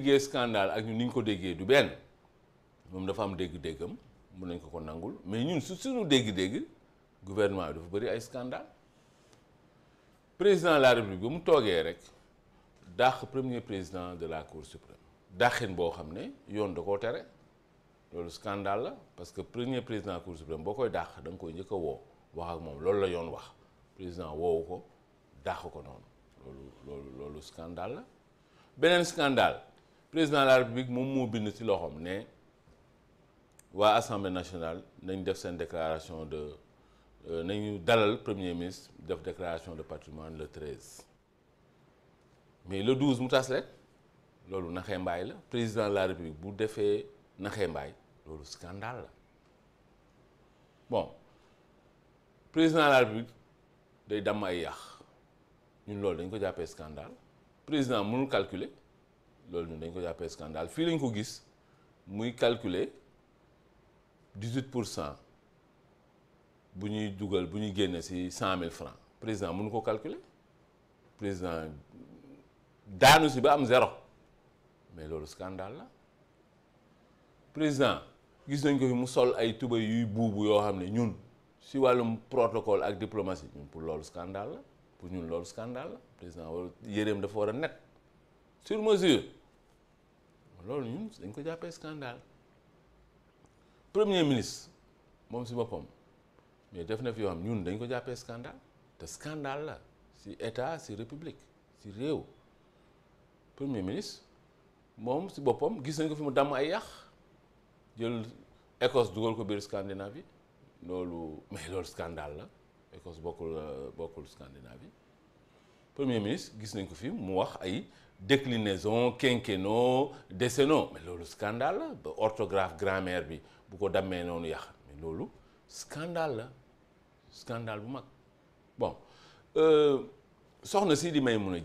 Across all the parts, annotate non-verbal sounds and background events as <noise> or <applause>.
déggee scandale ak ñun ni ñu ko déggee du benn moom dafa am dégg-déggam mun nañ ko ko nangul mais ñun su suñu dégg-dégg gouvernement bi bëri ay scandale président la république ba mu toogee rek dàq premier président de la cour suprême dàqin boo xam ne yoon da koo tere loolu scandale la parce que premier président de la boo koy dàq da nga koy njëkk woo wax ak moom loolu la yoon wax président woowu ko dàq ko noonu loolu loolu loolu la beneen scandale président de la république moom moo bind ci assemblée nationale nañ def déclaration de euh, premier ministre def déclaration de patrimoine le 13 mais le 12 nous le président de la république a fait naxee mbaay un scandale Bon, le président de la république day damm ay yàq ñun loolu dañ ko jàppee scandale président calculé loolu ñun dañ ko jàppee scandale fi lañ ko gis muy calculer 18% huit pour cent bu ñuy bu ñuy ci 100000 francs président mënu ko calculer président daanu ci ba am zéro mais lolou scandale la président gis nañ ko fi mu sol ay tuba yuy buubu yoo xam ne ñun ci wàllum protocole ak diplomatie ñun pour loolu scandale la pour ñun loolu scandale la président war yéreem dafa war a net sur mesure loolu ñun dañ ko jàppee scandale premier ministre moom si boppam mais def na fi yoo xam ñun dañ ko jàppee scandale te scandale la si état si république si réew premier ministre moom si boppam gis nañ ko fi mu damm ay yàq jël Écosse dugal ko biir Scandinavie loolu mais loolu scandale la Écosse bokkul euh, bokkul Scandinavie premier ministre gis nañ ko fi mu wax ay déclinaison quinquennaux décennaux mais lolu scandale la ba orthographe grammaire bi bu ko damé nonu yàq mais lolu scandale la scandale bu mag bon euh, soxna si di may mun a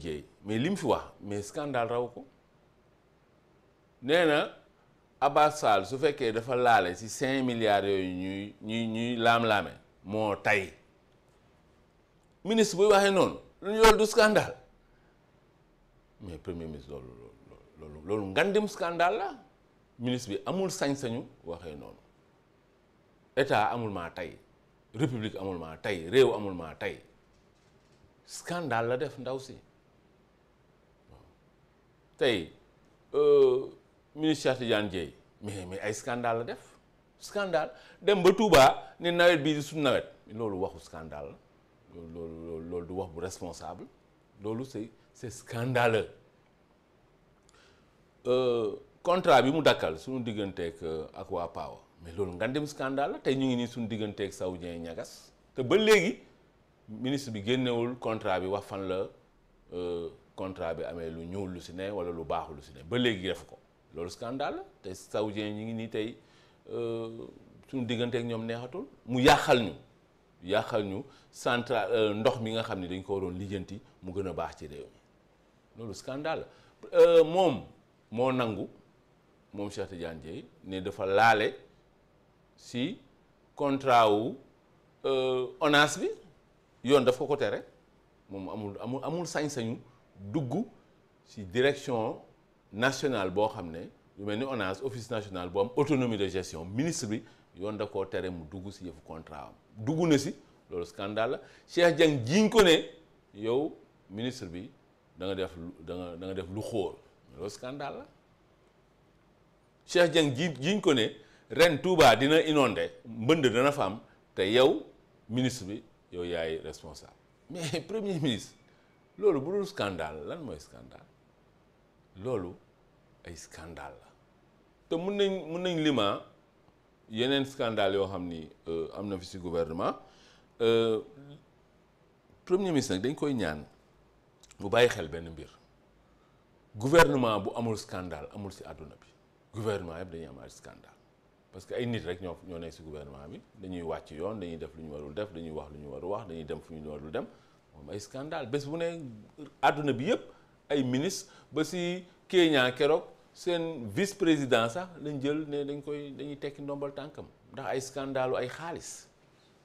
mais lim fi wax mais scandale raw ko néna na Abbas Sall su fekkee dafa laale ci cinq milliards yoy ñuy ñuy ñuy lam, laame moo tay ministre bu waxee non? loolu du scandale mais premier ministre loolu loolu loolu ngandim scandale la ministre bi amul sañ-sañu waxee noonu état amul maa tey république amul maa tey réew amul maa tey scandale la def ndaw si tey euh, ministre Cheikh Tidiane Dièye mais mais ay scandale la def scandale dem ba Touba ni nawet bii di suñu nawet loolu waxu scandale la loolu du wax bu responsable loolu se c'est scandaleux euh, contrat bi mu dakkal suñu digganteeg ak waa Pawa mais loolu nga dem scandale la tey ñu ngi nii suñu digganteeg saoudien ñagas te ba léegi ministre bi génnewul contrat bi wax fan la euh, contrat bi amee lu ñuul lu si ne wala lu baaxul lu si ne ba léegi def ko loolu scandale la te saoudien ñi ngi nii tey euh, suñu digganteek ñoom neexatul mu yàqal ñu. yàqal ñu central euh, ndox mi nga xam ne dañ ko waroon lijjanti mu gën a baax ci réew mi loolu scandale euh, moom moo nangu moom Cheikh Tidiane Dièye ne dafa laale si contrat wu euh, ONAS bi yoon daf ko ko tere moom amul amul amul sañ-sañu dugg si direction nationale boo xam ne lu mel ni ONAS office national bu am autonomie de gestion ministre bi yonda ko koo tere mu dugg si yëfu contrat am dugg na si lolu scandale Cheikh jang jiñ ko ne yow ministre bi da nga def da nga da nga def lu xóor lolu scandale la Cheikh jang jiñ ko ne ren Touba dina inondé mbënd dana fa am te yow ministre bi yow yaay responsable mais <laughs> premier ministre lolu bu scandale lan moy scandale lolu ay scandale la te mën nañ mën nañ lima yeneen scandale yoo xam ni euh, am na fi si gouvernement euh, premier ministre nag dañ koy ñaan bu bàyyi xel benn mbir gouvernement bu amul scandale amul si àdduna bi gouvernement yëpp dañuy am ay scandale parce que ay nit rek ñoo ñoo nekk si gouvernement bi dañuy wàcc yoon dañuy def lu ñu warul def dañuy wax lu ñu warul wax dañuy dem fu ñu warul dem moom ay scandale bés bu ne àdduna bi yëpp ay ministre ba si Kenya keroog. seen vice président sax lañ jël ne dañ koy dañuy tekki ndombal tànkam ndax ay scandalu ay xaalis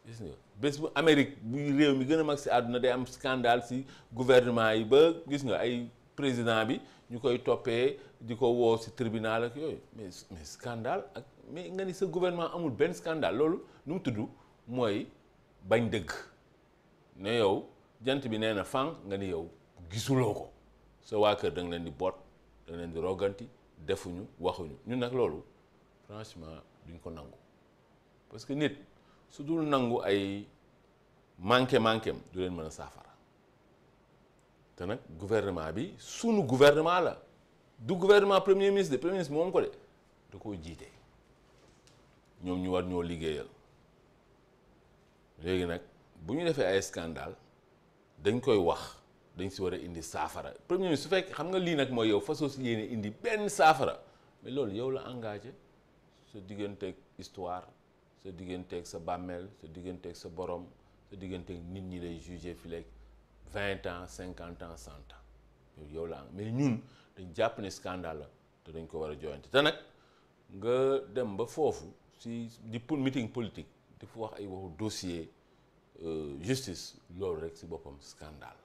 gis nga bés bu Amérique buy réew mi gën a mag si àdduna day am scandale si gouvernement yi ba gis nga ay président bi ñu koy toppee di ko woo si tribunal ak yooyu mais mais scandale ak mais nga ni sa gouvernement amul benn scandale loolu nu mu tudd mooy bañ dëgg ne yow jant bi nee na fànq nga ni yow gisuloo ko soo waa kër da leen di boot dañ leen di roganti defuñu waxuñu ñu nag loolu franchement duñ ko nangu parce que nit su dul nangu ay manqué manqué du leen mën a saafara te nag gouvernement bi sunu gouvernement la du gouvernement premier ministre de premier ministre moom ko de da koo jiite ñoom ñu war ñoo liggéeyal léegi nag bu ñu defee ay scandale dañ koy wax dañ si war a indi saafara premier ministre su fekk xam nga lii nag mooy yow fasoo si yéene indi benn saafara mais loolu yow la engagé sa diggante digganteeg histoire sa diggante digganteeg sa bàmmeel sa diggante digganteeg sa borom sa digganteeg nit ñi lay jugé fi leeg vingt ans cinquante ans cent ans loolu yow la mais ñun dañ jàpp ne scandale la te dañ ko war a joyante te nag nga dem ba foofu si di pour meeting politique di fa wax ay waxu dossier euh, justice loolu rek si boppam scandale